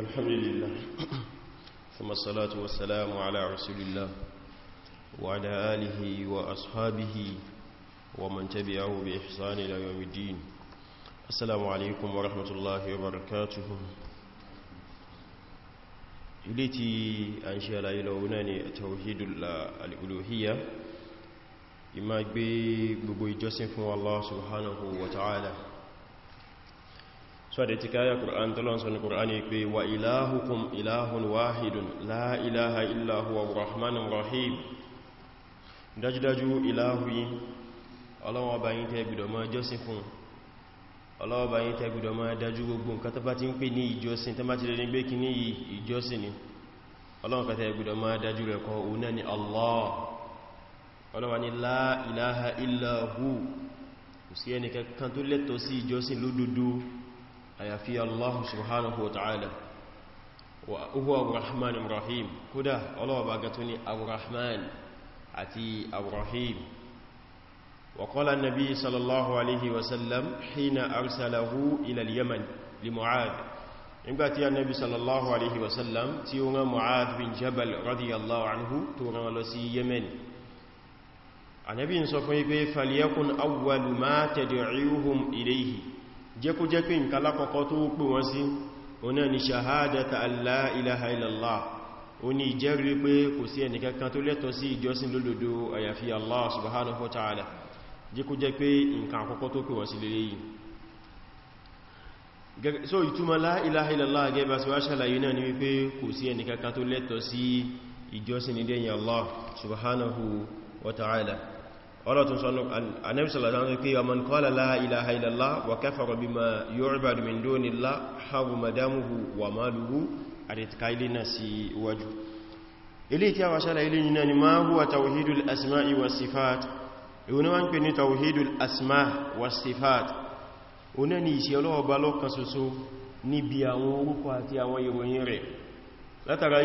الحمد لله ثم الصلاة والسلام على رسول الله وعلى آله وأصحابه ومن تبعه بإحسان إلى يوم الدين السلام عليكم ورحمة الله وبركاته التي الله إلى يلونني التوحيد الألوهية إما gbé gbogbo ìjọsìn fún سبحانه وتعالى so da tikaya Qur'an tolon so ni Qur'ani pé wa ilahukum ilahun wahidun la ilaha illa huwa arrahmanur rahim dájúdájú ilahu yin Ọlọ́run ọba yín tẹ́ gbọ́dọ̀ máa jọ́sìn fún Ọlọ́run ọba yín tẹ́ gbọ́dọ̀ máa dájú gbogbo nǹkan tá bá tin pè ní ìjọsìn tá bá ti lè gbé kíní ìjọsìn ni Ọlọ́run ka tẹ́ gbọ́dọ̀ máa dájú rẹ̀ ko ọ̀nà ni Allah Ọlọ́run ni la ilaha illa hu kò sí ẹni kankan tó lẹ́tọ̀ọ́ sí ìjọsìn lódodo ayafi Allah subhanahu wa ta'ala wa huwa Ar-Rahman Ar-Rahim kódà Ọlọ́run ba gato ni Ar-Rahman àti Ar-Rahim wa qala an-nabi sallallahu alaihi wa sallam hina arsalahu ila al-Yaman li mu'ad Mu'adh nígbàtí nabi sallallahu alaihi wa sallam tí unga mu'ad bin Jabal radiyallahu anhu tó rán lọ sí Yemen annabi sọ fún yi pé falyakun awwalu ma tad'uuhum ilayhi jẹ́ kó jẹ́ pé nǹkan lákọ̀ọ́kọ́ tó pè wọ́n sí ọ̀nà ni ṣàhádàtà Allah ilaha illallah ó ní ìjẹ́rìí pé kò sí ẹnìkankan tó lẹ́tọ̀ọ́ sí ìjọsìn lódodo àyàfi Allah subhanahu wa ta'ala jẹ́ kó jẹ́ pé nǹkan àkọ́kọ́ tó pè wọ́n sí lérè ta'ala ọlọ́tún sọ́nà anẹ́bìsọ̀lọ́sán tó kí ọmọ kọ́lá la ilaha illallah wa kafara bima yu'badu min dunillah haruma damuhu wa maluhu àdìtìká ilé náà sí iwájú ilé tí a wà ṣára ilé yìí náà ni máa huwa tawhidul asma'i wa sifat ìwọ̀n wọ́n pè ní tawhidul asma wa sifat oná ni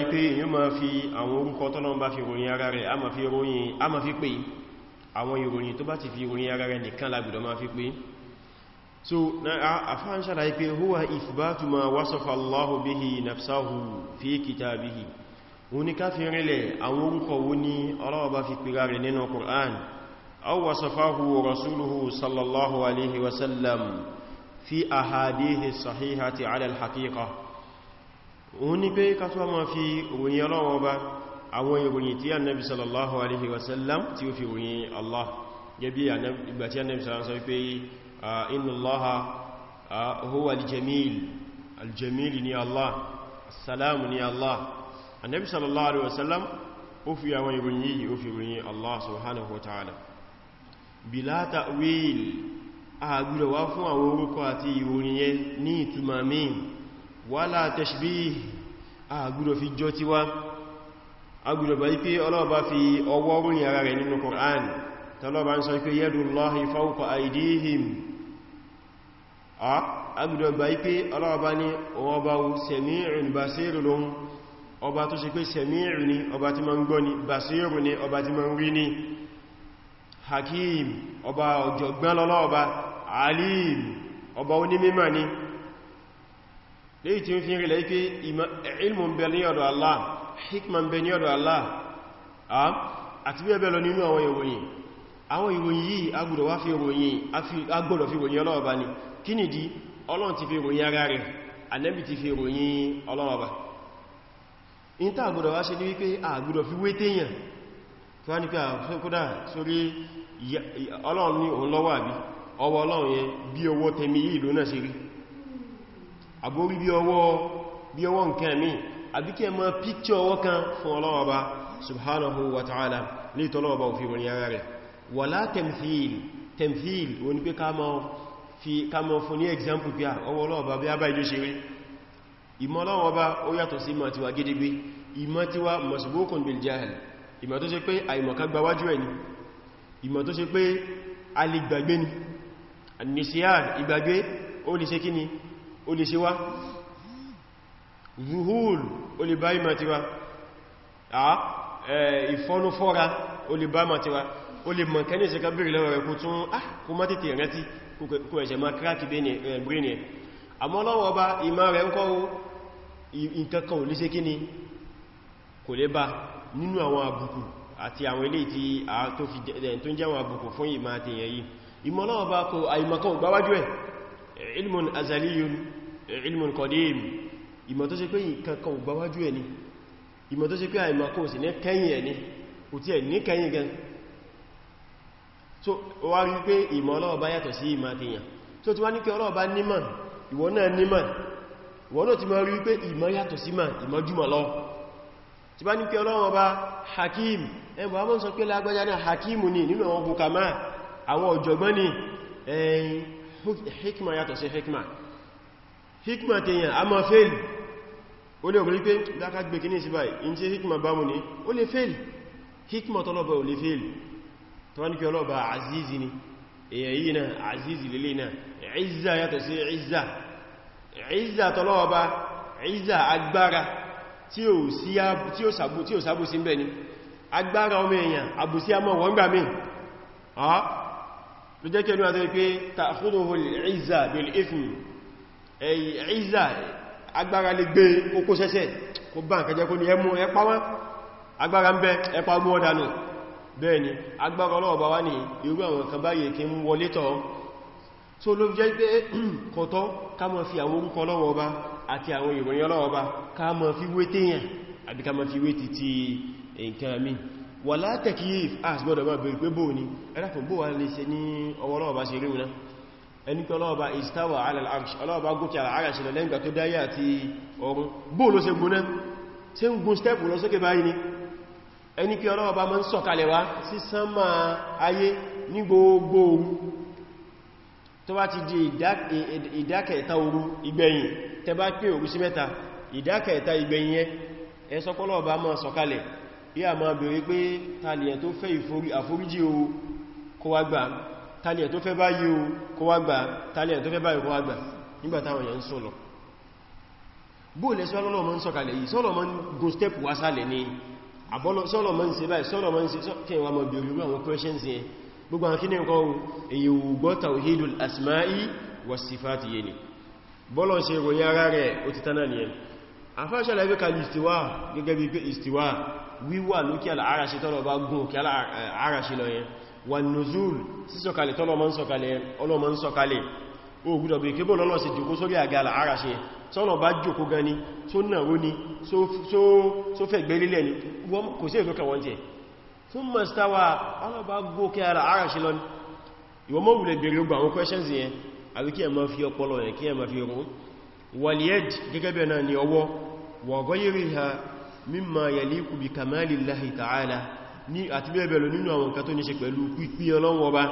èyí ma fi àwọn orúkọ tọ́lọ́mbá fi ròyìn ara rẹ̀ a ma fi pè àwọn ìròyìn tó bá ti fi ìròyìn ara rẹ̀ nìkan lágbìdọ̀ máa fi pé so àfáà ń ṣàlàyé pé huwa ìfìbátù ma wasafa Allahu bihi nafsahu fi kitabihi òní ká fi rinlẹ̀ àwọn orúkọ wo ní Ọlọ́run bá fi pèrà rẹ̀ nínú Qur'an aw wasafahu rasuluhu sallallahu alaihi wasallam fi ahadihi sahihati ala al-haqiqa òní pé ká tó ma fi òyìn Ọlọ́run bá àwọn ìròyìn tí annabi sallallahu alaihi wasallam tí ó fi ròyìn Allah gẹ́bí ìgbà tí annabi sallallahu alaihi wasallam pé ah, inna Allaha ah, huwa aljamil aljamil ni Allah assalamu ni Allah annabi sallallahu alaihi wasallam ó fi àwọn ìròyìn yìí ó fi ròyìn Allah subhanahu wa ta'ala bila ta'wil àgbìrọ̀ wá fún àwọn orúkọ àti ìròyìn ní ìtumà míì wala tashbih àgbìrọ̀ fi jọ tiwa agbùdọ̀gbà yí pé ọlọ́ọ̀bá fi ọwọ́ rìn ara rẹ̀ nínú Qur'an tọ́lọ́bá ń sọ pé yadullahi fawqa aydihim agbùdọ̀gbà yí pé ọlọ́ọ̀bá ní ọba sami'un basir lóhun ọba tó ṣe pé sami'un ni ọba tí ma ń gbọ́ ni basirun ni ọba tí ma ń rí hikma ń bẹ Allah àti bí ẹbẹ̀ lọ nínú àwọn ìròyìn àwọn ìròyìn yìí agbọ́dọ̀ wá fi ìròyìn agbọ́dọ̀ fi ìròyìn ọlọ́ọ̀bá ni kí nìdí ọlọ́run ti fi ìròyìn ara rẹ̀ Ànábì ti fi ìròyìn ọlọ́ọ̀bá in ta agbọ́dọ̀ wá ṣe ní wípé agbọ́dọ̀ fi wé téèyàn tó wá ní pé àkódà sórí àbí kí ẹ máa píkẹ́ ọwọ́ kan fún Ọlọ́run Ọba subhanahu wa ta'ala ní ìtọ́lọ́wọ́ bá òfin wọ̀nyí ara rẹ̀ wala temthil temthil o ní pé ká mọ́ fún ní example bí ọwọ́ Ọlọ́run Ọba bí a bá ìjọ ṣe rí ìmọ̀ Ọlọ́run Ọba ó yàtọ̀ sí ni annisiyar lè ṣe wá zuhul olìbá ìmọ̀tíwá ìfọ́núfọ́ra olìbá ìmọ̀tíwá olìmọ̀ kẹ́ni ṣe ká bèèrè lọ́wọ́ rẹ̀ kó tún ah, kó má tètè rántí kó ẹ̀ṣẹ̀ ma kráàkì brain ẹ̀ àmọ́ lọ́wọ́ bá ìmá rẹ̀ ń kọ́wọ́ ìkankan ò lè ṣe kíni kò lè bá nínú àwọn àbùkù àti àwọn ilé tí a tó fi tó ń jẹ́ àwọn àbùkù fún ìmá àtẹ̀yẹ̀ yìí ìmọ̀ lọ́wọ́ bá kò àìmọ̀kan ò gbáwájú ẹ̀ ilmun azaliyun ilmun qadim ìmọ̀ tó ṣe pé ìkankan ò gbáwájú ẹni ìmọ̀ tó ṣe pé àìmọ̀ kò ní kẹ́yìn ẹni kò tí ẹ̀ ní kẹ́yìn gan so ó wá rí pé ìmọ̀ Ọlọ́run bá yàtọ̀ sí ìmọ̀ àtìyàn so tí wá ní kí Ọlọ́run bá nímọ̀ ìwọ náà nímọ̀ ìwọ náà ti mọ̀ rí pé ìmọ̀ yàtọ̀ hakim ẹbọ̀ amọ́ sọ pé lágbájá náà hakim ni nínú àwọn hukama àwọn ọ̀jọ̀gbọ́n ni hikma yàtọ̀ sí hikma hikma tèyàn a máa fail ó lè rí pé dáka gbé kí ní sí in tí hikma bá mú ní ó lè fail hikma tọ́lọ́bà ò lè fail tó wá ní kí ọlọ́bà azizi ni èyàn yìí náà azizi lè náà ìzà yàtọ̀ sí ìzà ìzà tọ́lọ́bà ìzà agbára tí ó sàbò sí bẹ̀ ni agbára ọmọ èèyàn àbùsí àmọ́ wọ́n gbà mí ló jẹ́ kí ẹnu pé ta'khuduhu al-izza bil ẹ̀yìn ìzà agbára lè gbé okó sẹ́sẹ̀ kó bá nǹkan jẹ́ kó ní ẹmú ẹpa wọn agbára ń bẹ ẹpa ogun ọ̀dánù bẹ́ẹ̀ni agbára ọlọ́ọ̀bá wá ní irú àwọn kan báyìí kí ń wọlé tọ́ so ló jẹ́ pé kọ̀tọ́ ká mọ́ fi àwọn orúkọ ọlọ́wọ́ ọba àti àwọn ìròyìn ọlọ́wọ́ ọba ká mọ́ fi wé téèyàn àbí ká mọ́ fi wé ti ti nǹkan mi wà látẹ̀kí àsìgbọ́dọ̀ máa bèèrè pé bóò ni ẹ̀dàfẹ́ bóò wà lè ṣe ní ọwọ́ ọlọ́wọ́ ọba ṣe rí wọn náà ẹnikí ọlọ́ọ̀bá istawa alàl'arṣì ọlọ́ọ̀bá gòkè alàrṣì lọ lẹ́gbà tó dáyé àti ọ̀run bóò ló ṣe gúnná tí ń gún stẹ́pù lọ sókè báyìí ni ẹnikí ọlọ́ọ̀bá mọ́ ń sọ̀kalẹ̀ wá sí sánmà ayé ní gbogbo òru tó bá ti di ìdákẹta òru ìgbẹ̀yìn tẹ bá tàlíẹ̀ tó fẹ́ báyìí o kó wá gbà tàlíẹ̀ tó fẹ́ báyìí kó wá gbà nígbàtàwọn èèyàn ń sọ́lọ̀ bóòlẹ̀ sọ́lọ́mọ́ ń sọ̀kalẹ̀ yìí sọ́lọ́mọ́ ń go step wá sálẹ̀ ni sọ́lọ́mọ́ ń ṣe báyìí sọ́lọ́mọ́ ń ṣe kí wá mọ̀ bí orí àwọn questions yẹn gbogbo àwọn kíní nǹkan èyí ò gbọ́ tawhidul asma'i wa sifati yẹni bọ́lọ̀ ṣe ròyìn ara wannuzul sísọ̀kalẹ̀ tọ́lọ́mọ́ ń sọ̀kalẹ̀ ogúdọ̀ bí kébò lọ́lọ́ sí jùkú sórí àga àrà ṣe tọ́nà bá jùkú gan ni tó nàró ni tó fẹ́ gbẹ́lélẹ̀ ni kò sí ìfẹ́kà wọ́n jẹ́ fún mọ̀sítáwà ọlọ́bá gòkè àrà àrà ṣe lọ́nà ìwọ mọ́ wùlẹ̀ bèèrè ogun àwọn questions yẹn àbí kí ẹ má fi ọpọlọ yẹn kí ẹ má fi rún wàlíẹ́d gẹ́gẹ́ bẹ̀ mimma yaliku bi kamalillahi ta'ala ní àti bẹ́ẹ̀bẹ̀lọ nínú àwọn nǹkan tó ní ṣe pẹ̀lú pípí ọlọ́wọ́ bá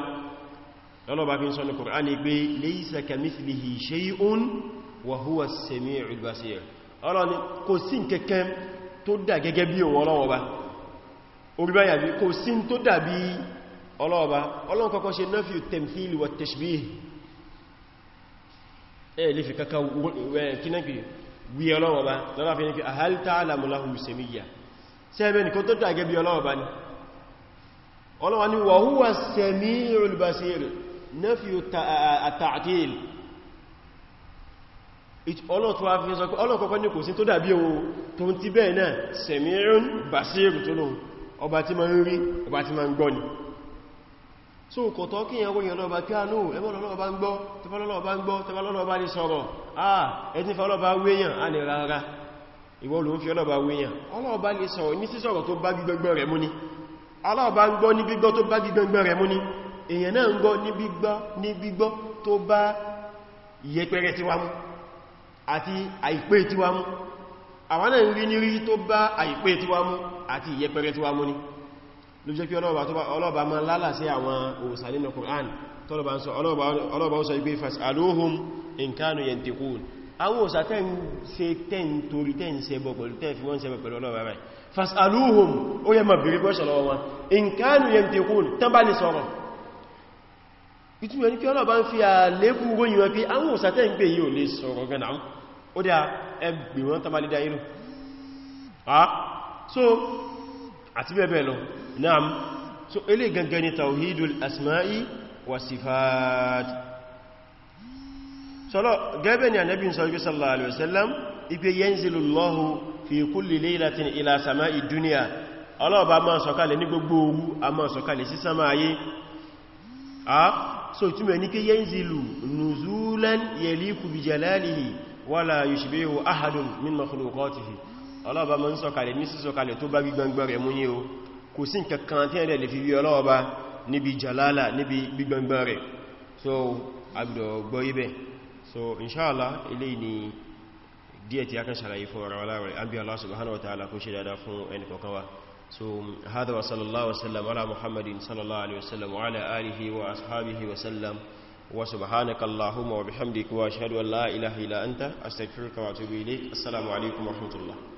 lọ́lọ́bá fi ń sọ ní Kùránì pé laysa kamithlihi shay'un wa huwa as-sami'ul basir ọlọ́ni kò sí kẹ́kẹ́ tó dà gẹ́gẹ́ bí òun ọlọ́wọ́ bá orí báyà bí kò sí tó dà bí ọlọ́wọ́ bá ọlọ́wọ́ kọ́kọ́ ṣe nafiyu at-tamthil wa at-tashbih ẹ̀ nìkan tó dà bí ọlọ́wọ́ ni ọlọ́wà ní wa huwa as-sami'ul basir nafyu at-ta'til ọlọ́kọ̀ọ́kọ́ ní kò sí tó dàbí o tó ti bẹ́ẹ̀ náà sami'un basir tó lóhun ọba tí ma ń rí ọba tí ma ń gbọ́ ni so kọ̀tọ́ kí ìyàwó èèyàn lọ́ba kí a náà ẹgbọ́ lọ́lọ́ba ń gbọ́ tẹfà lọ́lọ́ba ń gbọ́ tẹfà lọ́lọ́ba ní sọ̀rọ̀ ah Allah bá ń gbọ́ ní gbígbọ́ tó bá gbígbọ́n rẹ̀ mú ní èyàn náà ń gbọ́ ní gbígbọ́ ní gbígbọ́ tó bá yẹpẹrẹ ti wá mú àti àìpé ti wá mú àwọn náà ń rí ní rí tó bá àìpé ti wá mú àti yẹpẹrẹ ti wá mú ní ló jẹ́ kí ọlọ́ọ̀bá máa lálà ọlọ́ọ̀bá àwọn òsà tẹ́ ń ṣe tẹ́ ń torí tẹ́ ń ṣe bọ̀ pẹ̀lú tẹ́ fi wọ́n ṣe bọ̀ pẹ̀lú ọlọ́rọ̀ rẹ̀ fasaluhum ó yẹ ma bèèrè bọ́ṣẹ̀ lọ́wọ́ wọn in kanu yantiqun tán bá ní sọ̀rọ̀ ìtumọ̀ ní kí ọlọ́ so àti bẹ́ẹ̀ bẹ́ẹ̀ so ilé gangan ni tawhidul asma'i sọ́lọ́ gẹ́bẹ̀ ni ànẹ́bí sallallahu alaihi wasallam ipe yanzilu Allahu fi kulli laylatin ila sama'i dunya ọlọ́ọ̀bá máa sọ̀kalẹ̀ ní gbogbo òru a máa sọ̀kalẹ̀ sí sama ayé a so túnmẹ̀ ní kí yanzilu nuzulan yaliku bi jalalihi wala yushbihu ahadun min makhluqatihi ọlọ́ọ̀bá máa sọ̀kalẹ̀ ní sísọ̀kalẹ̀ tó bá gbígbàngbà rẹ̀ so agbọ̀gbọ̀ ibẹ̀ so inṣáàlá ilé ni díẹ̀ tí a kan ṣàlàyé fún wala aláwọ̀rẹ̀ an bí Allah subhanahu wa ta'ala kó ṣe dáadáa fún en ko kawa so hada wa sallallahu wa sallam ala muhammadin sallallahu alaihi wa sallam wa ala alihi wa ashabihi wa sallam wa subhanaka allahumma wa bihamdika wa ashhadu an la ilaha illa anta astaghfiruka wa atubu ilayk assalamu alaikum wa rahmatullahi